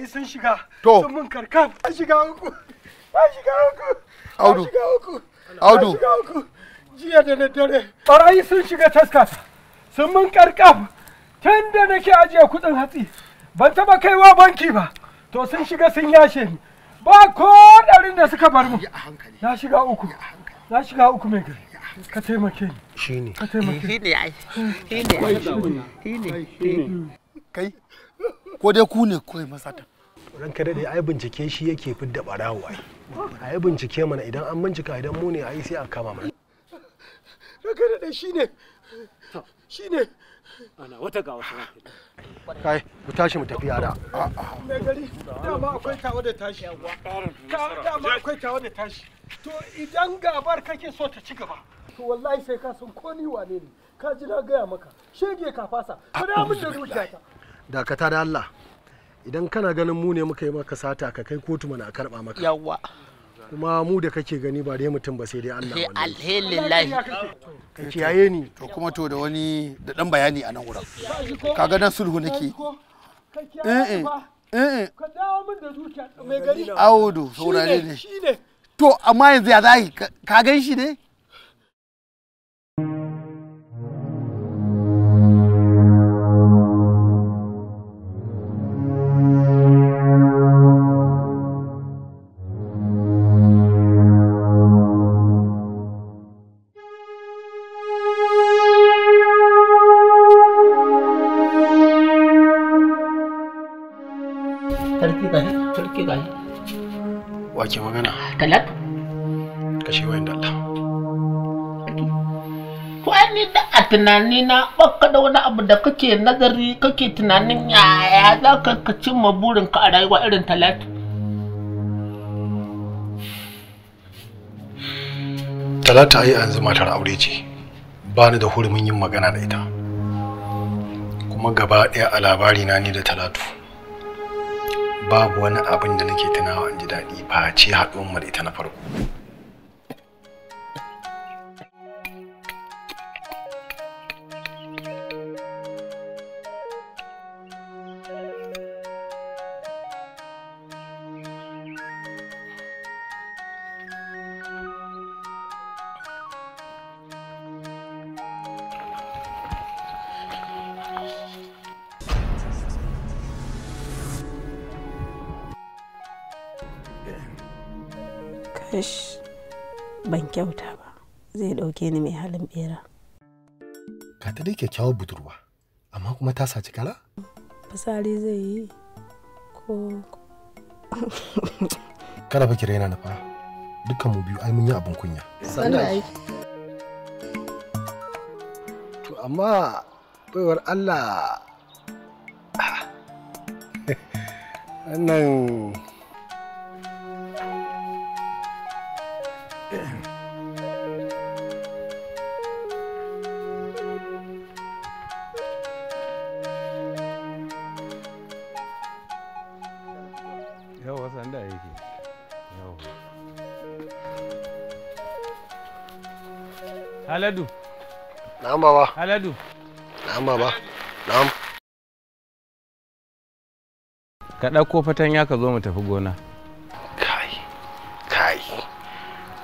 barayi sun shiga to sun mun karkar a shiga uku a shiga uku a shiga uku a shiga uku jiya da daddare barayi sun shiga taskas sun mun karkar tun da nake ajiye kudin hatsi ban taba kaiwa banki ba to sun shiga sun yashe ni ba ko ɗarin da suka bar mu na shiga uku na shiga uku mai gari ka taimake ni shine ka taimake ni eh, shine ai shine ai shine kai ko dai ku ne kawai masata kada dai, ai bincike shi yake fidda ɓarawo ai ai bincike mana idan an bincika idan mu ne ai sai a kama mana ran daɗe shi ne shi ne ana wata ga wata kai mu tashi mu tafi yara me gari dama akwai tawa da tashi dama akwai tawa da tashi to idan gabar kake so ta ci gaba to wallahi sai ka san ko ni wane ne ka ji na gaya maka shege ka fasa ka da mun da zuciyata dakata da Allah idan kana ganin mu ne muka yi maka sata ka kai kotu mana a karba maka yawa kuma mu da kake gani ba dai mutum ba sai dai Allah wallahi alhamdulillah ka kiyaye ni to kuma to da wani da dan bayani a nan wurin kaga nan sulhu nake eh eh. eh eh ka dawo min da zuciya mai gari audu saurare ne to amma yanzu ya zai ka gan shi ne Sarki gani, sarki gani. Wake magana? Talat. Kashe wayan da Allah. To ai ni da a tunani na baka da wani abu da kake nazari kake tunanin yaya za ka ka cimma ka a rayuwa irin talat. Talata ai yanzu matar aure ce. Ba ni da hurumin yin magana da ita. Kuma gaba ɗaya a labari na ni da Talatu. babu wani abin da nake tunawa an ji daɗi face haɗuwar mu da ita na farko ish ban kyauta ba zai ɗauke ni mai halin bera ka ta dai kyakkyawar budurwa amma kuma ta saci kala fasari zai yi ko kada fa kira yana nufa dukkan mu biyu ai mun yi abin kunya to amma baiwar Allah wannan Haladu. Na'am baba. Aladu. Na'am baba. Na'am. Ka ɗauko fatanya ka zo mu tafi gona. Kai. Kai.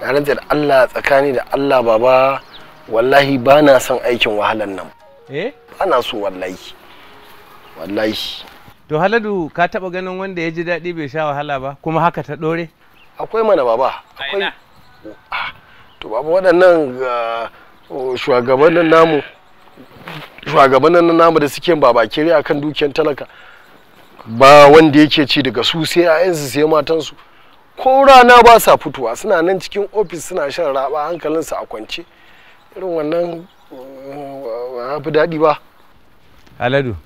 Na da Allah tsakani da Allah baba wallahi ba na son aikin wahalan nan. Eh? Ba na so wallahi. Wallahi. To Haladu ka taɓa ganin wanda ya ji daɗi bai sha wahala ba kuma haka ta ɗore? Akwai mana baba. Akwai. Ah, to baba waɗannan ah, shugabannin namu namu da suke ba bakire akan dukiyar talaka ba wanda yake ci daga su sai 'ya'yansu sai matansu ko rana ba sa fitowa suna nan cikin ofis suna shan raba hankalinsu a kwance irin wannan mm, fi daɗi ba aladu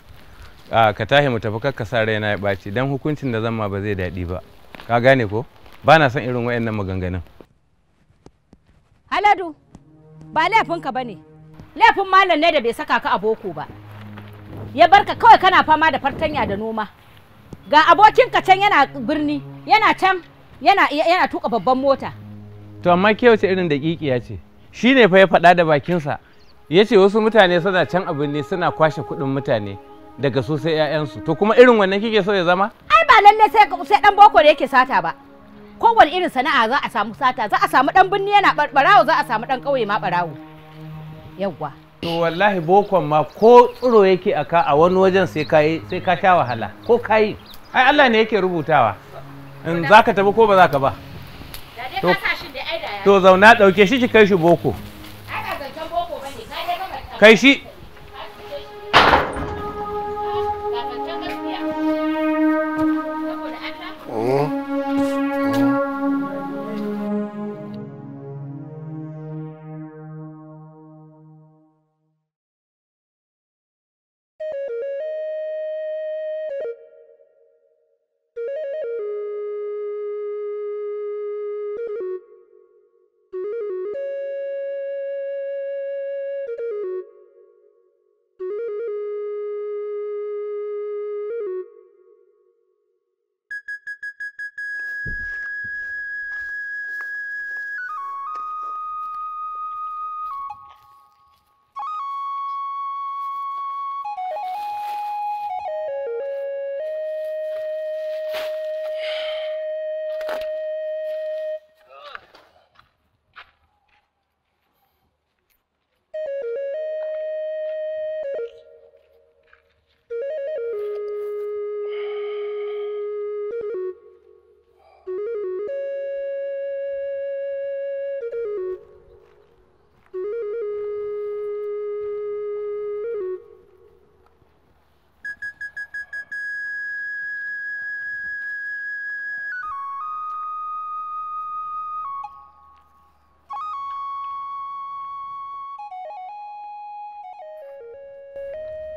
ka tahi mu tafi kakka sa raina ya ɓaci don hukuncin da zama ba zai daɗi ba ka gane ko ba na son irin waɗannan maganganun aladu ba laifinka ba ne laifin malam ne da bai saka ka a boko ba ya barka kawai kana fama da fartanya da noma ga abokinka can yana birni yana can yana yana tuka babban mota to amma ke wace irin dakikiya ce shine fa ya faɗa da bakinsa ya ce wasu mutane suna can a birni suna kwashe kuɗin mutane daga su sai 'ya'yansu to kuma irin wannan kike so ya zama ai ba lalle sai sai dan boko da yake sata ba kowane irin sana'a za a samu sata za a samu dan birni yana barawo za a samu dan kauye ma barawo yawwa to wallahi bokon ma ko tsuro yake aka a wani wajen sai ka sai ka sha wahala ko kai ai Allah ne yake rubutawa in zaka tafi ko ba zaka ba to, to zauna dauke shi ki kai shi boko kai shi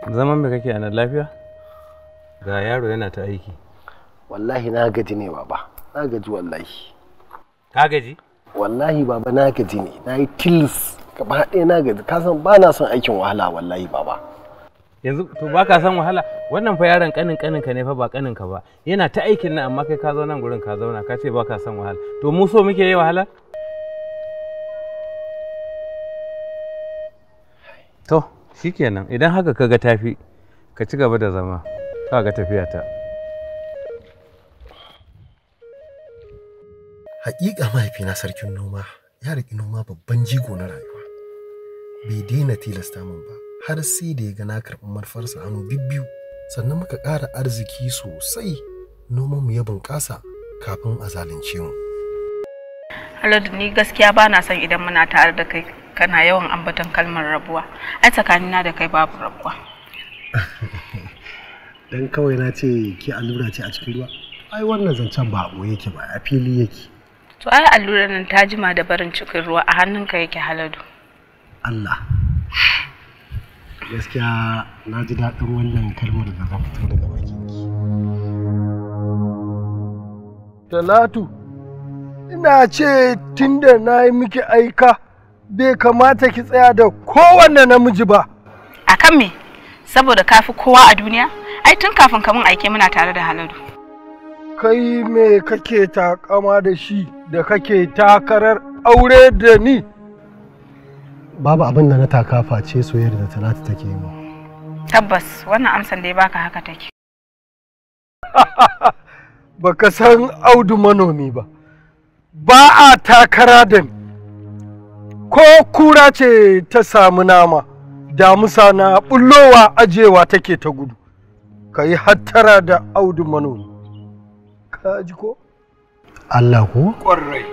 zaman me kake anan lafiya ga yaro yana ta aiki wallahi na gaji ne baba na gaji wallahi ka gaji wallahi baba na gaji ne na yi tilis gaba ɗaya na gaji ka san ba na son aikin wahala wallahi baba yanzu to ba ka san wahala wannan fa yaron kanin kanin ka ne fa ba kanin ka ba yana ta aikin nan amma kai ka zo nan gurin ka zauna ka ce ba ka san wahala to mu so muke yi wahala to shi kenan idan haka kaga tafi ka ci gaba da zama ka tafiya ta haƙiƙa mahaifina sarkin noma ya riƙi noma babban jigo na rayuwa bai daina tilasta min ba har sai da ya ga na karɓi manufarsa hannu bibbiyu sannan muka ƙara arziki sosai noman mu ya bunƙasa kafin a zalunce mu Haladu ni gaskiya ba na son idan muna tare da kai kana yawan ambaton kalmar rabuwa ai tsakanina da kai babu rabuwa dan kawai na ce ki allura ce a cikin ruwa ai wannan zancen ba a yake ba a fili yake to ai allurar nan ta jima da barin cikin ruwa a hannunka yake haladu Allah gaskiya na ji daɗin wannan kalmar da za fito daga bakinki talatu ina ce tunda na yi miki aika bai kamata ki tsaya da kowanne namiji ba. A kan me? Saboda ka fi kowa a duniya? Ai tun kafin ka mun aike muna tare da Haladu. Kai me kake takama da shi da kake takarar aure da ni? Babu abin da na taka face soyayyar da Talatu take yi. Tabbas wannan amsan da ya baka haka take. Baka san Audu manomi ba. Ba a takara da ni. ko kura ce ta samu nama damusa na bullowa ajewa take ta gudu ka yi hattara da audu manomi ka ji ko Allah ko ƙwarai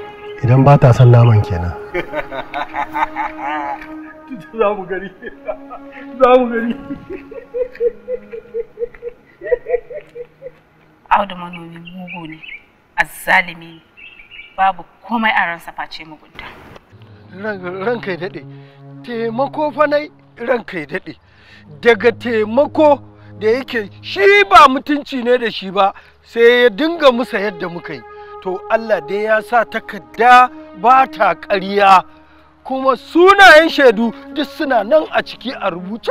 idan ba ta san naman kenan za mu gari za mu gari audu manomi mugu ne azzalimi babu komai a ransa face mugunta ranka ya daɗe taimako fanai ranka ya daɗe daga taimako da yake shi ba mutunci ne da shi ba sai ya dinga musa yadda muka yi to allah dai ya sa takarda ba ta ƙarya kuma sunayen shaidu duk suna nan a ciki a rubuce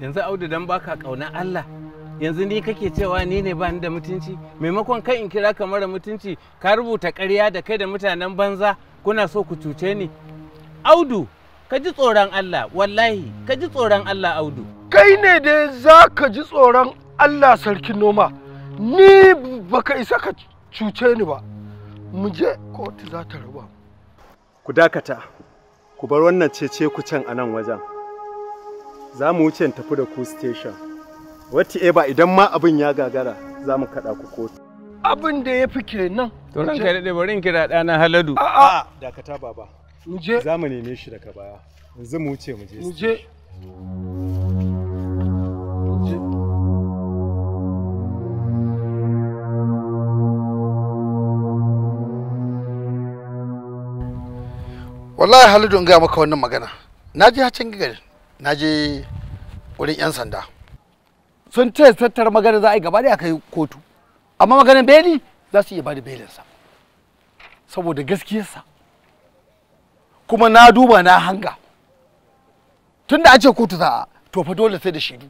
yanzu audu dan baka ƙauna allah yanzu ni kake cewa ni ne ba ni da mutunci maimakon kai in kira ka mara mutunci ka rubuta ƙarya da kai da mutanen banza kuna so ku cuce ni Audu, ka ji tsoron Allah, wallahi, ka ji tsoron Allah Audu. Kai ne da za ka ji tsoron Allah sarkin noma, ni baka isa ka cuce ni ba, mu je kotu za ta raba. Ku dakata, ku bar wannan cece ku can a nan wajen. Za mu wuce tafi da ku station. Wata eba eh idan ma abin ya gagara za mu kaɗa ku kotu. Abin da ya fi kenan. To ranka da bari kira ɗana Haladu. A'a, dakata baba. muje za mu neme shi daga baya yanzu mu wuce muje muje wallahi halidu in gaya maka wannan magana na je hacin gari na je wurin 'yan sanda sun ce tattar magana za a yi gaba da aka yi kotu amma maganar beli za su iya ba da belinsa saboda gaskiyarsa kuma na duba na hanga tun da an ce kotu za'a to fa dole sai da shaidu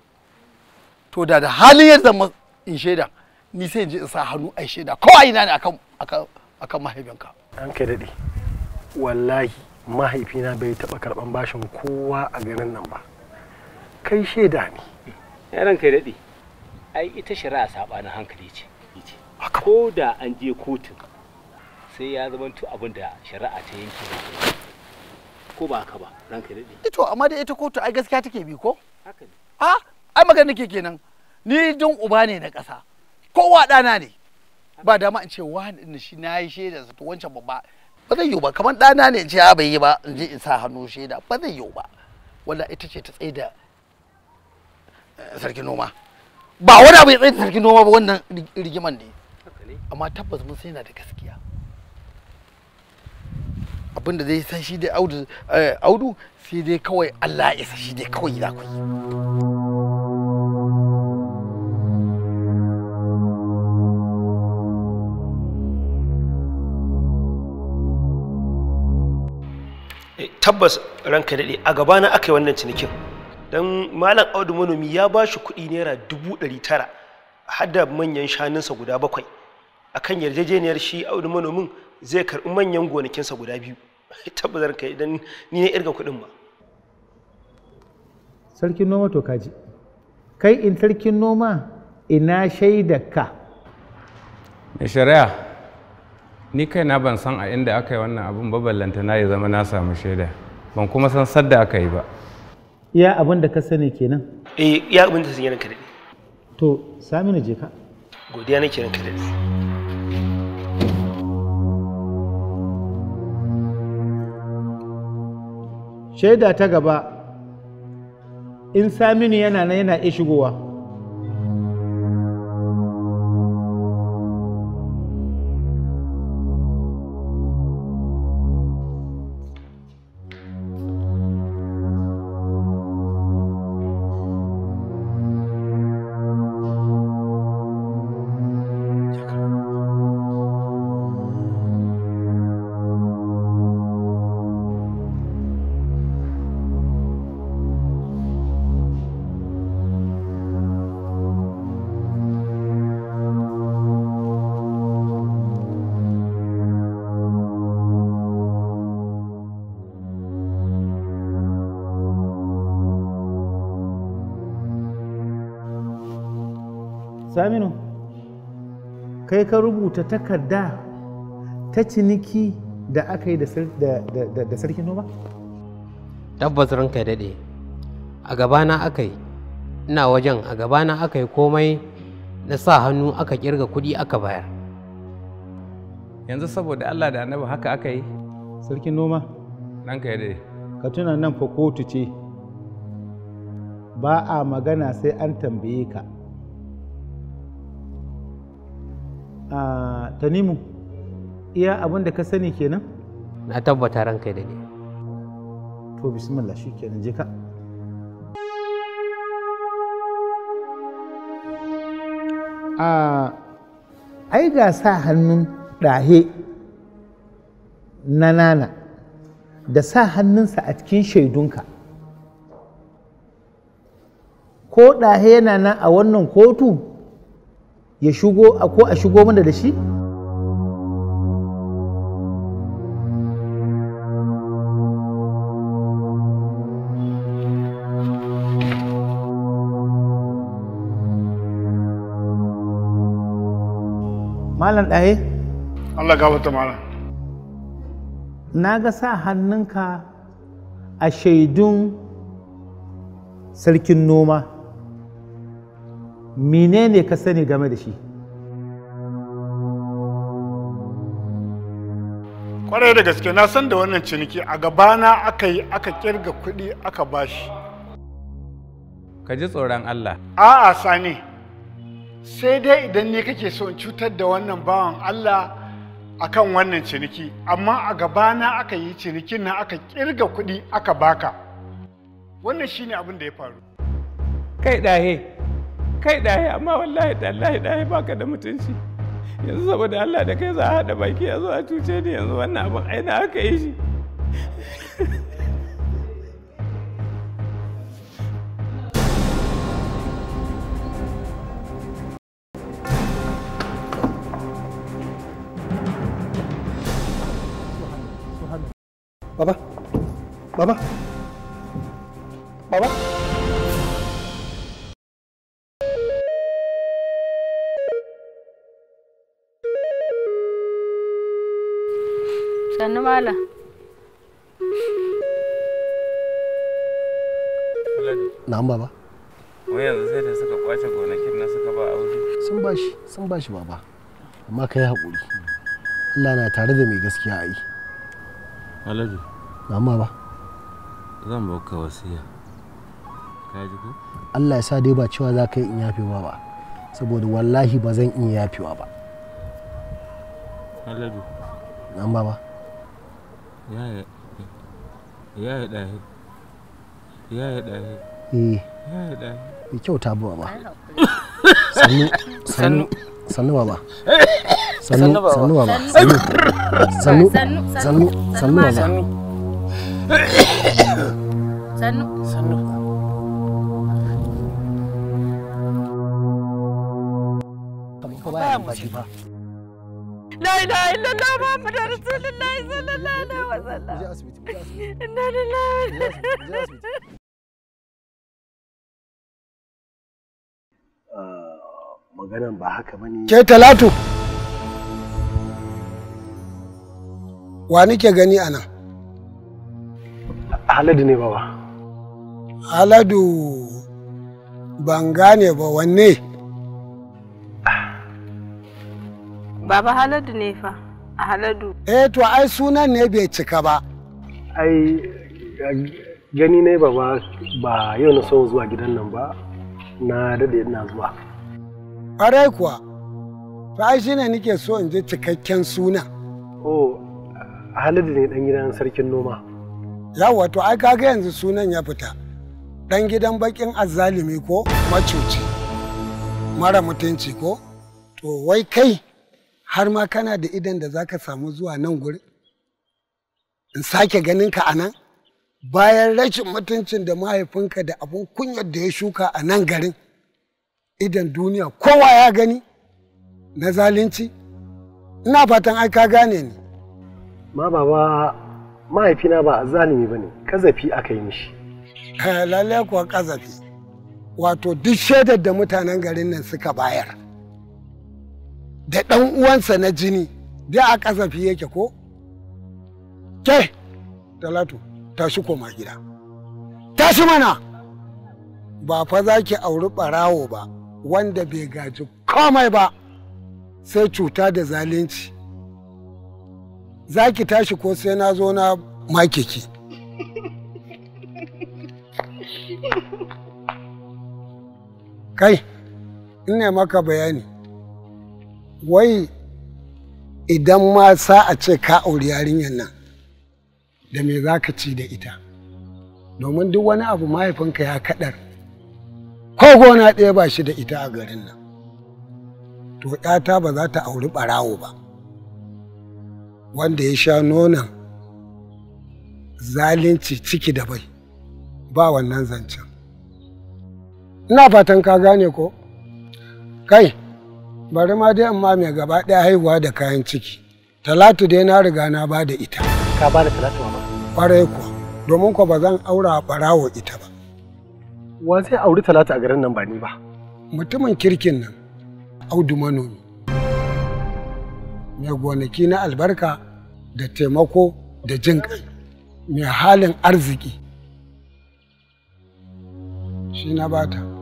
to da da halin ya zama in shaida ni sai in je in sa hannu ai shaida kawai ina ne akan akan mahaifinka an kai dade wallahi mahaifina bai taɓa karban bashin kowa a garin nan ba kai shaida ne yaran kai dade ai ita shari'a na hankali ce ko da an je kotun sai ya zama abin da shari'a ta yanke ko ba haka ba ranka eh ito amma da ita kotu ai gaskiya take bi ko haka ne a ai magana nake kenan ni don uba ne na ƙasa kowa ɗana ne ba dama in ce wa ni shi na yi shaida sa to wancan babba ba zai yi ba kamar ɗana ne in ce ah, bai yi ba in je in sa hannu shaida ba zai yi ba wala ita ce ta tsaye da eh, sarkin noma ba wani abu ya tsaye da sarkin noma ba wannan rigiman ne amma tabbas mun sai na da gaskiya abin da zai san shi dai audu eh, sai dai kawai Allah ya san shi dai kawai za ku yi eh, tabbas ranka daɗe a gaba na aka yi wannan cinikin don malam audu manomi ya ba shi kuɗi naira dubu ɗari tara a hada manyan shanunsa guda bakwai akan yarjejeniyar shi audu manomin zai karɓi manyan gonakinsa guda biyu tabbatar ka idan ni ne irga kuɗin ma sarkin noma to kaji kai in sarkin noma ina shaida ka mai shari'a ni kai na ban san a inda aka yi wannan abin baballanta na ya zama na samu shaida ban kuma san sadda aka yi ba iya abin da ka sani kenan eh iya abin da sani kenan ka daɗe to saminu je ka godiya nake ranka daɗe shaida ta gaba in saminu yana na yana iya shigowa saminu kai ka rubuta takarda ta ciniki da aka yi da sarkin noma tabbas ranka daɗe a gabana aka yi ina wajen a gabana aka yi komai na sa hannu aka kirga kuɗi aka bayar yanzu saboda allah da annabi haka aka yi sarkin noma ranka ya daɗe ka tuna nan fa kotu ce ba a magana sai an tambaye ka tanimu iya abin da ka sani kenan na tabbata ranka da ni. to bismillah shi kenan je ka ai ga sa hannun ɗahe na nana da sa hannunsa a cikin shaidunka ko ɗahe yana nan a wannan kotu ya shigo ko a shigo mana da shi malam ɗaye Allah gabata malam na ga sa hannunka a shaidun sarkin noma menene ka sani game da shi kwarai da gaske na san da wannan ciniki a gabana aka yi aka kirga kuɗi aka bashi ka ji tsoron Allah a'a sani sai dai idan ne kake so in cutar da wannan bawan Allah a kan wannan ciniki amma a gabana aka yi cinikin na aka kirga kuɗi aka baka wannan shine abin da ya faru kai dahe kai ɗaya amma wallahi ɗallahi ɗaya baka da mutunci yanzu saboda Allah da kai za a haɗa baki yanzu zo a cuce ni yanzu wannan abin aina aka yi shi Baba, Baba, Baba. sannu malam na'am baba wai yanzu sai da suka kwace gonakin na suka ba aure sun bashi sun bashi baba amma kai hakuri Allah na tare da mai gaskiya ai Alhaji na'am baba zan bauka wasiya ka ji ko Allah ya sa dai ba cewa za ka yi in yafe ba ba saboda wallahi ba zan iya yafewa ba Alhaji na'am baba yaya yaya ɗaya yaya eh. ba sannu sannu sannu ba ba sannu sannu ba ba sannu sannu sannu sannu ba sannu sannu ko baya masifa la ilaha illallah muhammadu rasulullahi sallallahu الله wasallam inna lillahi je maganan ba haka bane ke talatu wa nake gani anan? haladu ne baba haladu ban gane ba wanne Baba Haladu ne fa, a Haladu. Eh to ai sunan ne bai cika ba. Ai gani ne baba ba yau na son zuwa gidan nan ba, na dade ina zuwa. Ƙwarai kuwa, to ai shine nike so in je cikakken suna. Oh, Haladu ne dan gidan sarkin noma. Yawwa to ai kaga yanzu sunan ya fita. Dan gidan bakin azzalimi ko macuci. Mara mutunci ko? To wai kai. har ma kana da idan da za ka samu zuwa nan gurin in sake ganin ka a nan bayan rashin mutuncin da mahaifinka da abun kunyar da ya shuka a nan garin idan duniya kowa ya gani na zalunci ina fatan ai ka gane ni ma baba mahaifina ba zalimi ba ne kazafi aka yi mishi eh, lalle kuwa kazafi wato duk shaidar da mutanen garin nan suka bayar da ɗan uwansa na jini da a kasafi yake ko ke talatu tashi koma gida tashi mana ba fa za ki auri ɓarawo ba wanda bai gaji komai ba sai cuta da zalunci za ki tashi ko sai na zo na makeki kai ina maka bayani wai idan ma sa a ce ka auri yarinyar nan da me za ka ci da ita domin duk wani abu mahaifinka ya kaɗar ko gona ɗaya ba shi da ita a garin nan to ƴata ba za ta auri ɓarawo ba wanda ya sha nonon zalunci ciki da bai ba wannan zancen ina fatan ka gane ko kai bari ma dai amma mai gaba ɗaya haihuwa da kayan ciki talatu dai na riga na ba da ita ka ba da talatu ma ƙwarai kuwa domin kuwa ba zan aura a ɓarawo ita ba wa zai auri talatu a garin nan ba ni ba mutumin kirkin nan audu manomi mai gonaki na albarka da taimako da jin ƙai mai halin arziki shi na bata.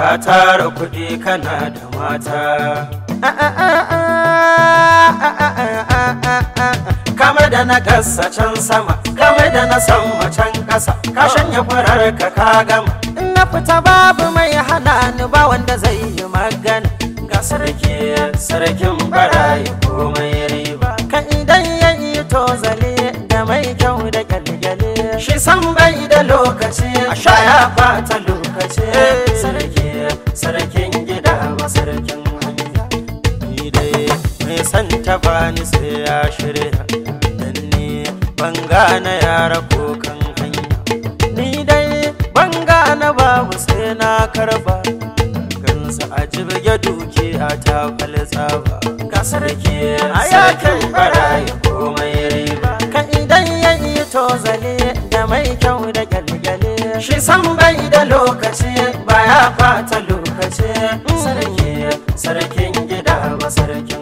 ka tara kuɗi kana da mata kamar da na gasa can sama kamar da na san can ƙasa ka shanya farar ka ka gama in na fita babu mai hana ni ba wanda zai yi magana ga sarki sarkin barayi komai riba ka idan ya yi tozali da mai kyau da kyalkyale shi san bai da lokaci a sha ya fata lokaci San ta bani sai ya shirya dan ne ban gane yara ko kan hanya ni dai ban gane babu sai na karba gansa a jirge dukiya ta falsaba ka sarki a yakin barayi komai riba ka idan ya yi tozale da mai kyau da gyalgyale shi san bai da lokaci ba ya fata lokaci sarki sarkin gida ba sarkin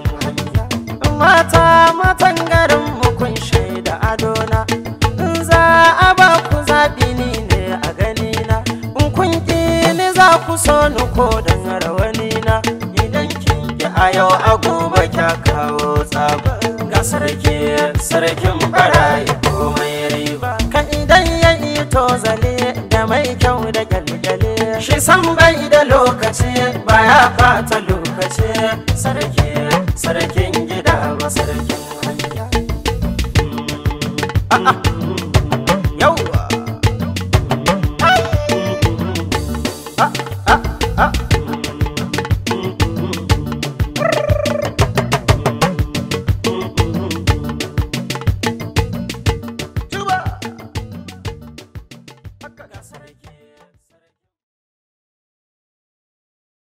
mata matan garin mukun shaida adona in za a ba ku zaɓi ni ne a gani na in kun ki ni za ku so ni ko dan rawani na idan kin ki a yau a gobe kya kawo tsaba ga sarki sarkin barayi komai riba ka idan ya yi to zale da mai kyau da gyalgyale shi san bai da lokaci baya fata lokaci sarki sarkin